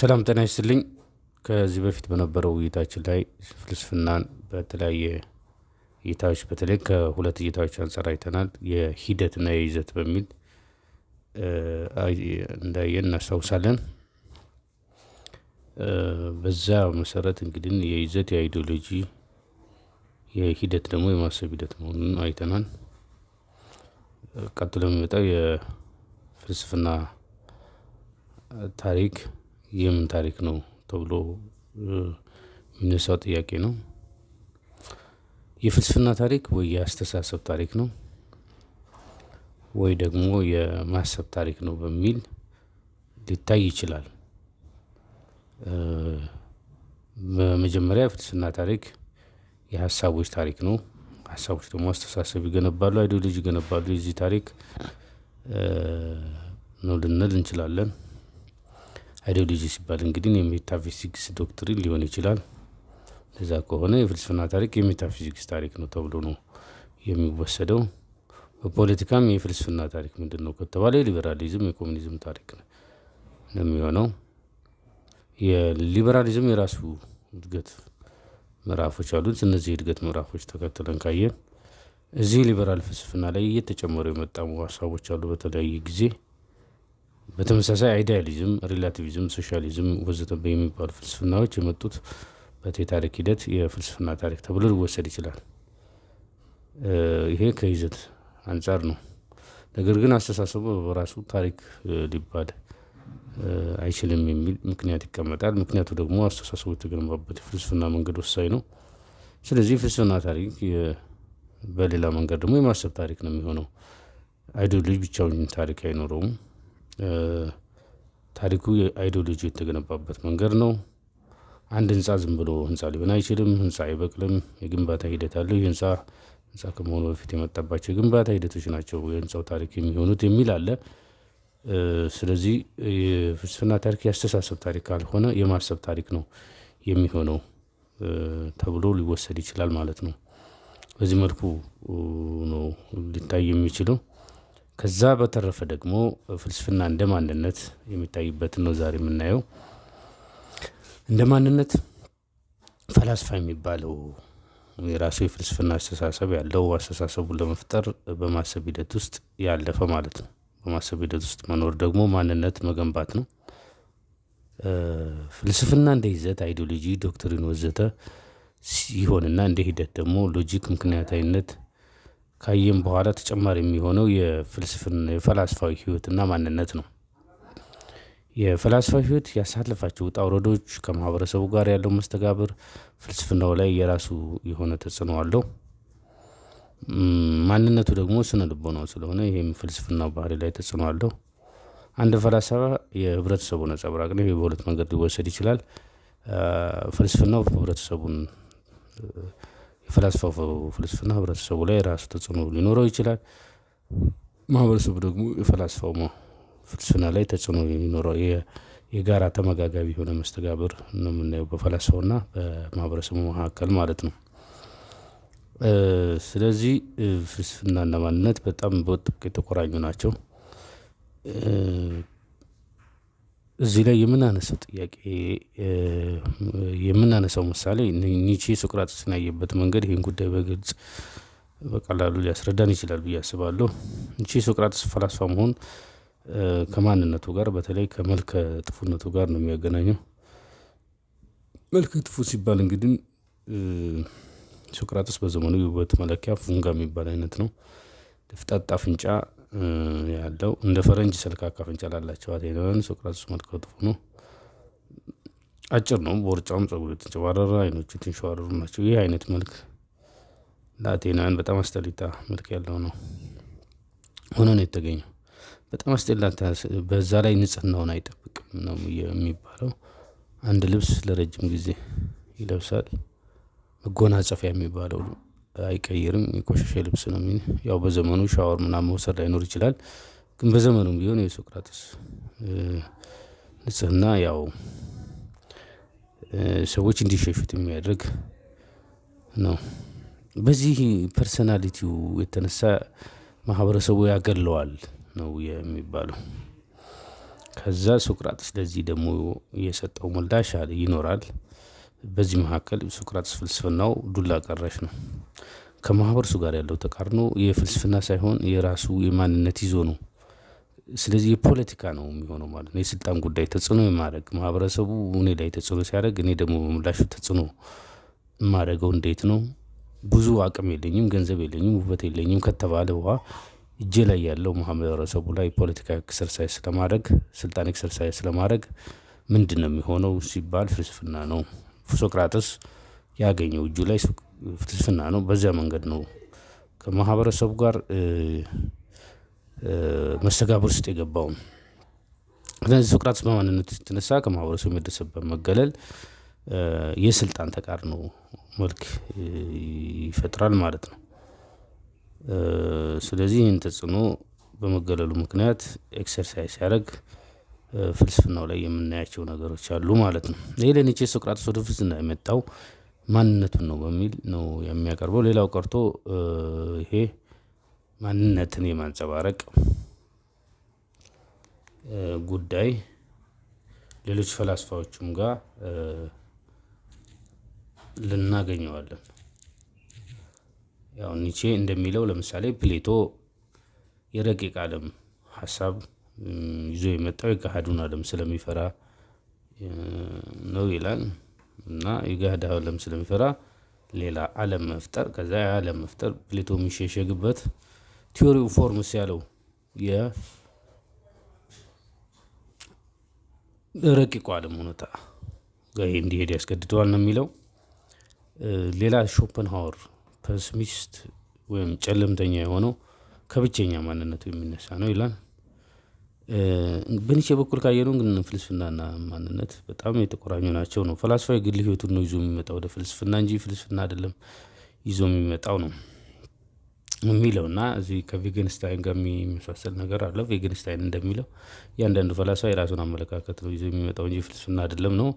ሰላም ጤና ይስጥልኝ። ከዚህ በፊት በነበረው እይታችን ላይ ፍልስፍናን በተለያየ እይታዎች በተለይ ከሁለት እይታዎች አንጻር አይተናል። የሂደትና የይዘት በሚል እንዳየን እናስታውሳለን። በዛ መሰረት እንግዲህ የይዘት የአይዲዮሎጂ የሂደት ደግሞ የማሰብ ሂደት መሆኑን አይተናል። ቀጥሎ የሚመጣው የፍልስፍና ታሪክ የምን ታሪክ ነው ተብሎ የሚነሳው ጥያቄ ነው። የፍልስፍና ታሪክ ወይ የአስተሳሰብ ታሪክ ነው ወይ ደግሞ የማሰብ ታሪክ ነው በሚል ሊታይ ይችላል። በመጀመሪያ የፍልስፍና ታሪክ የሀሳቦች ታሪክ ነው ሀሳቦች ደግሞ አስተሳሰብ ይገነባሉ አይዲዮሎጂ ይገነባሉ የዚህ ታሪክ ነው ልንል እንችላለን አይዲዮሎጂ ሲባል እንግዲህ የሜታፊዚክስ ዶክትሪን ሊሆን ይችላል። እንደዛ ከሆነ የፍልስፍና ታሪክ የሜታፊዚክስ ታሪክ ነው ተብሎ ነው የሚወሰደው። በፖለቲካም የፍልስፍና ታሪክ ነው ከተባለ የሊበራሊዝም የኮሚኒዝም ታሪክ ነው የሚሆነው። የሊበራሊዝም የራሱ እድገት ምዕራፎች አሉት። እነዚህ እድገት ምዕራፎች ተከትለን ካየን እዚህ ሊበራል ፍልስፍና ላይ እየተጨመሩ የመጣሙ ሀሳቦች አሉ በተለያየ ጊዜ በተመሳሳይ አይዲያሊዝም፣ ሪላቲቪዝም፣ ሶሻሊዝም ወዘተ የሚባሉ ፍልስፍናዎች የመጡት በት ሂደት የፍልስፍና ታሪክ ተብሎ ሊወሰድ ይችላል። ይሄ ከይዘት አንጻር ነው። ነገር ግን አስተሳሰቡ በራሱ ታሪክ ሊባል አይችልም የሚል ምክንያት ይቀመጣል። ምክንያቱ ደግሞ አስተሳሰቡ የተገነባበት የፍልስፍና መንገድ ወሳኝ ነው። ስለዚህ ፍልስፍና ታሪክ በሌላ መንገድ ደግሞ የማሰብ ታሪክ ነው የሚሆነው። አይዲዮሎጂ ብቻውን ታሪክ አይኖረውም። ታሪኩ የአይዲዮሎጂ የተገነባበት መንገድ ነው። አንድ ህንፃ ዝም ብሎ ህንፃ ሊሆን አይችልም ህንፃ አይበቅልም የግንባታ ሂደት አለው የህንፃ ህንፃ ከመሆኑ በፊት የመጣባቸው የግንባታ ሂደቶች ናቸው የህንፃው ታሪክ የሚሆኑት የሚል አለ። ስለዚህ የፍልስፍና ታሪክ የአስተሳሰብ ታሪክ ካልሆነ የማሰብ ታሪክ ነው የሚሆነው ተብሎ ሊወሰድ ይችላል ማለት ነው። በዚህ መልኩ ነው ሊታይ የሚችለው ከዛ በተረፈ ደግሞ ፍልስፍና እንደ ማንነት የሚታይበትን ነው ዛሬ የምናየው። እንደ ማንነት ፈላስፋ የሚባለው የራሱ የፍልስፍና አስተሳሰብ ያለው አስተሳሰቡን ለመፍጠር በማሰብ ሂደት ውስጥ ያለፈ ማለት ነው። በማሰብ ሂደት ውስጥ መኖር ደግሞ ማንነት መገንባት ነው። ፍልስፍና እንደ ይዘት አይዲዮሎጂ፣ ዶክትሪን ወዘተ ሲሆንና እንደ ሂደት ደግሞ ሎጂክ፣ ምክንያታዊነት ካየም በኋላ ተጨማሪ የሚሆነው የፍልስፍና የፈላስፋዊ ህይወትና ማንነት ነው። የፈላስፋዊ ህይወት ያሳለፋቸው ውጣ ውረዶች ከማህበረሰቡ ጋር ያለው መስተጋብር ፍልስፍናው ላይ የራሱ የሆነ ተጽዕኖ አለው። ማንነቱ ደግሞ ስነ ልቦናው ስለሆነ ይህም ፍልስፍናው ባህሪ ላይ ተጽዕኖ አለው። አንድ ፈላስፋ የህብረተሰቡ ነጸብራቅ ነው በሁለት መንገድ ሊወሰድ ይችላል። ፍልስፍናው ህብረተሰቡን ፈላስፋው ፍልስፍና ህብረተሰቡ ላይ ራሱ ተጽዕኖ ሊኖረው ይችላል። ማህበረሰቡ ደግሞ የፈላስፋው ፍልስፍና ላይ ተጽዕኖ የሚኖረው የጋራ ተመጋጋቢ የሆነ መስተጋብር ነው የምናየው በፈላስፋውና በማህበረሰቡ መካከል ማለት ነው። ስለዚህ ፍልስፍናና ማንነት በጣም በጥብቅ የተቆራኙ ናቸው። እዚህ ላይ የምናነሳው ጥያቄ የምናነሳው ምሳሌ ኒቼ ሶቅራጥስን ያየበት መንገድ ይህን ጉዳይ በግልጽ በቀላሉ ሊያስረዳን ይችላል ብዬ አስባለሁ። ኒቼ ሶቅራጥስ ፈላስፋ መሆን ከማንነቱ ጋር በተለይ ከመልከ ጥፉነቱ ጋር ነው የሚያገናኘው። መልከ ጥፉ ሲባል እንግዲህ ሶቅራጥስ በዘመኑ የውበት መለኪያ ፉንጋ የሚባል አይነት ነው። ደፍጣጣ አፍንጫ ያለው እንደ ፈረንጅ ስልክ አካፍንጫ ላላቸው አቴናውያን ሶቅራጥስ መልከ ጥፉ ነው። አጭር ነው። ቦርጫም ጸጉሩ የተንጨባረረ አይኖቹ የተንሸዋረሩ ናቸው። ይህ አይነት መልክ ለአቴናውያን በጣም አስጠሊታ መልክ ያለው ነው ሆኖ ነው የተገኘው። በጣም አስጠላታ። በዛ ላይ ንጽህናውን አይጠብቅም ነው የሚባለው። አንድ ልብስ ለረጅም ጊዜ ይለብሳል። መጎናጸፊያ የሚባለው አይቀይርም የቆሸሸ ልብስ ነው ያው በዘመኑ ሻወር ምናምን መውሰድ ላይኖር ይችላል። ግን በዘመኑም ቢሆን የሶቅራጥስ ንጽህና ያው ሰዎች እንዲሸሹት የሚያደርግ ነው። በዚህ ፐርሰናሊቲው የተነሳ ማህበረሰቡ ያገለዋል ነው የሚባለው። ከዛ ሶቅራጥስ ለዚህ ደግሞ የሰጠው ምላሽ ይኖራል በዚህ መካከል ሶክራትስ ፍልስፍናው ዱላ ቀራሽ ነው። ከማህበረሱ ጋር ያለው ተቃርኖ የፍልስፍና ሳይሆን የራሱ የማንነት ይዞ ነው። ስለዚህ የፖለቲካ ነው የሚሆነው ማለት ነው። የስልጣን ጉዳይ ተጽዕኖ የማድረግ ማህበረሰቡ እኔ ላይ ተጽዕኖ ሲያደርግ፣ እኔ ደግሞ በምላሹ ተጽዕኖ የማደርገው እንዴት ነው? ብዙ አቅም የለኝም፣ ገንዘብ የለኝም፣ ውበት የለኝም ከተባለ ውሃ እጄ ላይ ያለው ማህበረሰቡ ላይ ፖለቲካ ኤክሰርሳይዝ ስለማድረግ ስልጣን ኤክሰርሳይዝ ስለማድረግ ምንድን ነው የሚሆነው ሲባል ፍልስፍና ነው። ሶቅራጥስ ያገኘው እጁ ላይ ፍልስፍና ነው። በዚያ መንገድ ነው ከማህበረሰቡ ጋር መስተጋብር ውስጥ የገባውም። ስለዚህ ሶቅራጥስ በማንነት የተነሳ ከማህበረሰቡ የሚደርስበት መገለል የስልጣን ተቃርኖ መልክ ይፈጥራል ማለት ነው። ስለዚህ ይህን ተጽዕኖ በመገለሉ ምክንያት ኤክሰርሳይዝ ሲያደርግ ፍልስፍናው ላይ የምናያቸው ነገሮች አሉ ማለት ነው። ይሄ ለኒቼ ሶቅራጥስ ወደ ፍልስፍና የመጣው ማንነቱን ነው በሚል ነው የሚያቀርበው። ሌላው ቀርቶ ይሄ ማንነትን የማንጸባረቅ ጉዳይ ሌሎች ፈላስፋዎችም ጋር ልናገኘዋለን። ያው ኒቼ እንደሚለው ለምሳሌ ፕሌቶ የረቂቅ ዓለም ሀሳብ ይዞ የመጣው የገሃዱን ዓለም ስለሚፈራ ነው ይላል። እና የገሃድ ዓለም ስለሚፈራ ሌላ ዓለም መፍጠር ከዛ የዓለም መፍጠር ፕሌቶ የሚሸሸግበት ቲዮሪው ፎርምስ ያለው የረቂቁ ዓለም ሁኔታ ጋር እንዲሄድ ያስገድደዋል ነው የሚለው። ሌላ ሾፐንሃወር ፐስሚስት ወይም ጨለምተኛ የሆነው ከብቸኛ ማንነቱ የሚነሳ ነው ይላል። በኒቼ በኩል ካየነው ግን ፍልስፍናና ማንነት በጣም የተቆራኙ ናቸው ነው። ፈላስፋ የግል ህይወቱን ነው ይዞ የሚመጣው ወደ ፍልስፍና እንጂ ፍልስፍና አይደለም ይዞ የሚመጣው ነው የሚለው እና እዚህ ከቬገንስታይን ጋር የሚመሳሰል ነገር አለ። ቬገንስታይን እንደሚለው እያንዳንዱ ፈላስፋ የራሱን አመለካከት ነው ይዞ የሚመጣው እንጂ ፍልስፍና አይደለም ነው።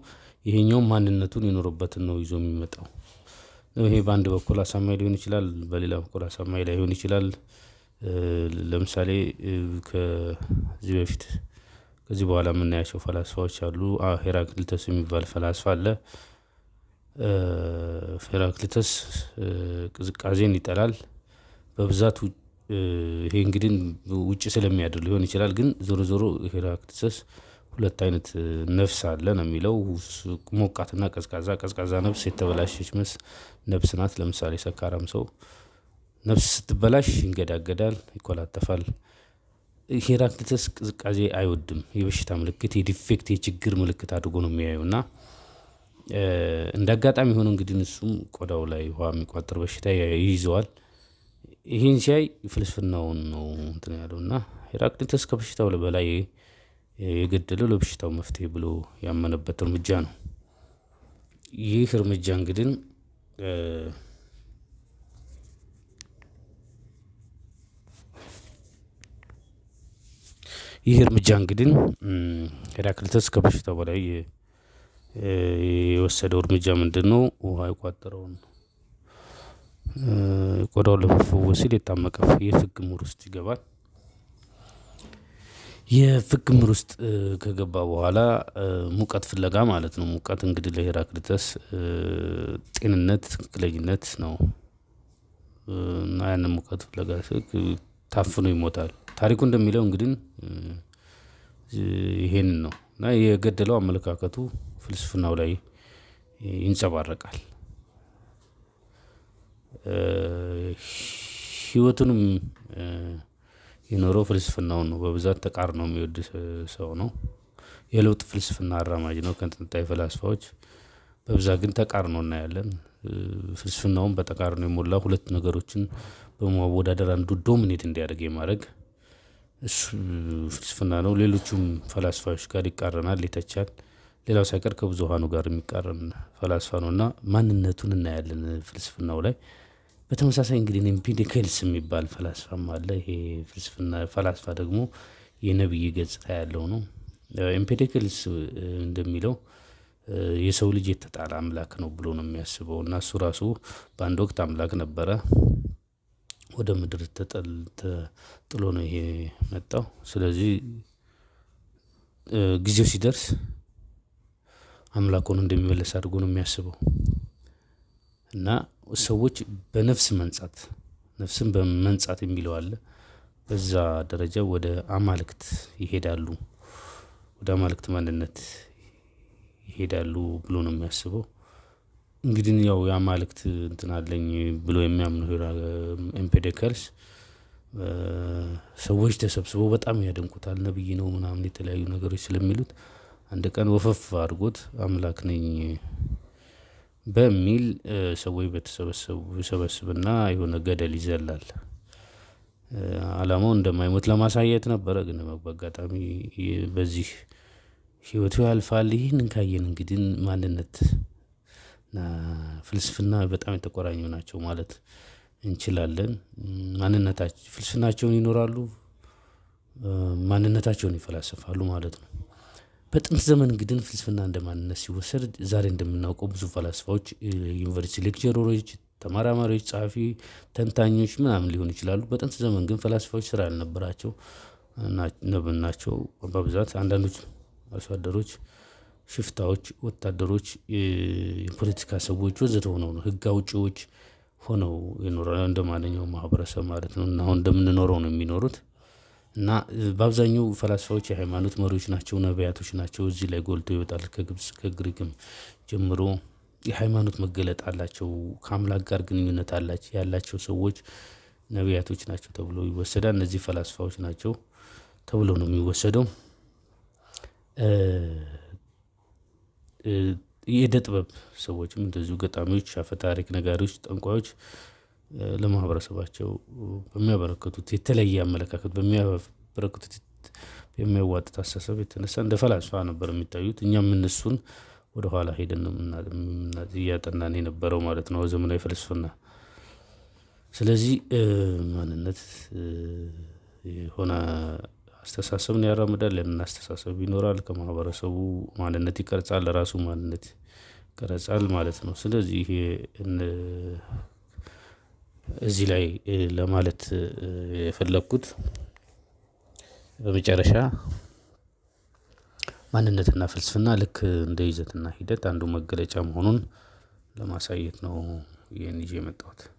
ይሄኛውም ማንነቱን የኖረበትን ነው ይዞ የሚመጣው። ይሄ በአንድ በኩል አሳማኝ ሊሆን ይችላል፣ በሌላ በኩል አሳማኝ ላይሆን ይችላል። ለምሳሌ ከዚህ በፊት ከዚህ በኋላ የምናያቸው ፈላስፋዎች አሉ። ሄራክሊተስ የሚባል ፈላስፋ አለ። ሄራክሊተስ ቅዝቃዜን ይጠላል በብዛት ይሄ እንግዲህ ውጭ ስለሚያድር ሊሆን ይችላል። ግን ዞሮ ዞሮ ሄራክሊተስ ሁለት አይነት ነፍስ አለ ነው የሚለው ሞቃትና ቀዝቃዛ። ቀዝቃዛ ነፍስ የተበላሸች መስ ነፍስ ናት። ለምሳሌ ሰካራም ሰው ነፍስ ስትበላሽ ይንገዳገዳል፣ ይኮላተፋል። ሄራክሊተስ ቅዝቃዜ አይወድም። የበሽታ ምልክት፣ የዲፌክት፣ የችግር ምልክት አድርጎ ነው የሚያዩ እና እንደ አጋጣሚ የሆነ እንግዲህ እሱም ቆዳው ላይ ውሃ የሚቋጠር በሽታ ይይዘዋል። ይህን ሲያይ ፍልስፍናውን ነው እንትን ያለው እና ሄራክሊተስ ከበሽታው በላይ የገደለው ለበሽታው መፍትሄ ብሎ ያመነበት እርምጃ ነው። ይህ እርምጃ እንግዲህ ይህ እርምጃ እንግዲህ ሄራክልተስ ከበሽታው በላይ የወሰደው እርምጃ ምንድን ነው? ውሃ የቋጠረውን ቆዳውን ለመፈወስ ሲል የታመቀ የፍግ ክምር ውስጥ ይገባል። የፍግ ክምር ውስጥ ከገባ በኋላ ሙቀት ፍለጋ ማለት ነው። ሙቀት እንግዲህ ለሄራክልተስ ጤንነት፣ ትክክለኝነት ነው እና ያንን ሙቀት ፍለጋ ታፍኖ ይሞታል። ታሪኩ እንደሚለው እንግዲህ ይሄንን ነው እና የገደለው አመለካከቱ ፍልስፍናው ላይ ይንጸባረቃል። ህይወቱንም የኖረው ፍልስፍናውን ነው። በብዛት ተቃርኖ የሚወድ ሰው ነው። የለውጥ ፍልስፍና አራማጅ ነው ከጥንታዊ ፈላስፋዎች። በብዛት ግን ተቃርኖ እናያለን። ፍልስፍናውም በተቃርኖ የሞላ ሁለት ነገሮችን በማወዳደር አንዱ ዶሚኔት እንዲያደርግ የማድረግ እሱ ፍልስፍና ነው። ሌሎቹም ፈላስፋዎች ጋር ይቃረናል፣ ይተቻል። ሌላው ሳይቀር ከብዙሃኑ ጋር የሚቃረን ፈላስፋ ነው እና ማንነቱን እናያለን ፍልስፍናው ላይ። በተመሳሳይ እንግዲህ ኤምፒሪካልስ የሚባል ፈላስፋም አለ። ይሄ ፍልስፍና ፈላስፋ ደግሞ የነብይ ገጽታ ያለው ነው። ኤምፒሪካልስ እንደሚለው የሰው ልጅ የተጣለ አምላክ ነው ብሎ ነው የሚያስበው እና እሱ ራሱ በአንድ ወቅት አምላክ ነበረ ወደ ምድር ተጥሎ ነው ይሄ መጣው ስለዚህ ጊዜው ሲደርስ አምላኩን እንደሚመልስ አድርጎ ነው የሚያስበው። እና ሰዎች በነፍስ መንጻት ነፍስን በመንጻት የሚለው አለ። በዛ ደረጃ ወደ አማልክት ይሄዳሉ ወደ አማልክት ማንነት ይሄዳሉ ብሎ ነው የሚያስበው። እንግዲህ ያው የአማልክት እንትን አለኝ ብሎ የሚያምኑ ኤምፔደከልስ ሰዎች ተሰብስበው በጣም ያደንቁታል። ነብይ ነው ምናምን የተለያዩ ነገሮች ስለሚሉት አንድ ቀን ወፈፍ አድርጎት አምላክ ነኝ በሚል ሰዎች በተሰበሰቡ ሰበስብና የሆነ ገደል ይዘላል። አላማው እንደማይሞት ለማሳየት ነበረ። ግን በአጋጣሚ በዚህ ህይወቱ ያልፋል። ይህን ካየን እንግዲህ ማንነት ፍልስፍና በጣም የተቆራኙ ናቸው ማለት እንችላለን። ማንነታቸው ፍልስፍናቸውን ይኖራሉ ማንነታቸውን ይፈላስፋሉ ማለት ነው። በጥንት ዘመን እንግዲህ ፍልስፍና እንደ ማንነት ሲወሰድ ዛሬ እንደምናውቀው ብዙ ፈላስፋዎች ዩኒቨርሲቲ ሌክቸሮች ተመራማሪዎች ጸሐፊ ተንታኞች ምናምን ሊሆኑ ይችላሉ። በጥንት ዘመን ግን ፈላስፋዎች ስራ ያልነበራቸው ናቸው በብዛት አንዳንዶች አርሶ አደሮች ሽፍታዎች፣ ወታደሮች፣ የፖለቲካ ሰዎች ወዘተ ሆነው ነው ህግ አውጪዎች ሆነው ይኖራል እንደ ማንኛውም ማህበረሰብ ማለት ነው። እና አሁን እንደምንኖረው ነው የሚኖሩት። እና በአብዛኛው ፈላስፋዎች የሃይማኖት መሪዎች ናቸው፣ ነቢያቶች ናቸው። እዚህ ላይ ጎልቶ ይወጣል። ከግብፅ ከግሪክም ጀምሮ የሃይማኖት መገለጥ አላቸው፣ ከአምላክ ጋር ግንኙነት አላቸው ያላቸው ሰዎች ነቢያቶች ናቸው ተብሎ ይወሰዳል። እነዚህ ፈላስፋዎች ናቸው ተብሎ ነው የሚወሰደው። የእደ ጥበብ ሰዎችም እንደዚሁ ገጣሚዎች፣ አፈታሪክ ነጋሪዎች፣ ጠንቋዮች ለማህበረሰባቸው በሚያበረከቱት የተለየ አመለካከት በሚያበረክቱት የሚያዋጥት አስተሳሰብ የተነሳ እንደ ፈላስፋ ነበር የሚታዩት። እኛም እነሱን ወደኋላ ኋላ ሄደን እያጠናን የነበረው ማለት ነው ዘመናዊ ፍልስፍና። ስለዚህ ማንነት የሆነ አስተሳሰብን ያራምዳል። ያንን አስተሳሰብ ይኖራል ከማህበረሰቡ ማንነት ይቀርጻል ለራሱ ማንነት ይቀርጻል ማለት ነው። ስለዚህ ይሄ እዚህ ላይ ለማለት የፈለኩት በመጨረሻ ማንነትና ፍልስፍና ልክ እንደ ይዘትና ሂደት አንዱ መገለጫ መሆኑን ለማሳየት ነው ይህን ይዤ የመጣሁት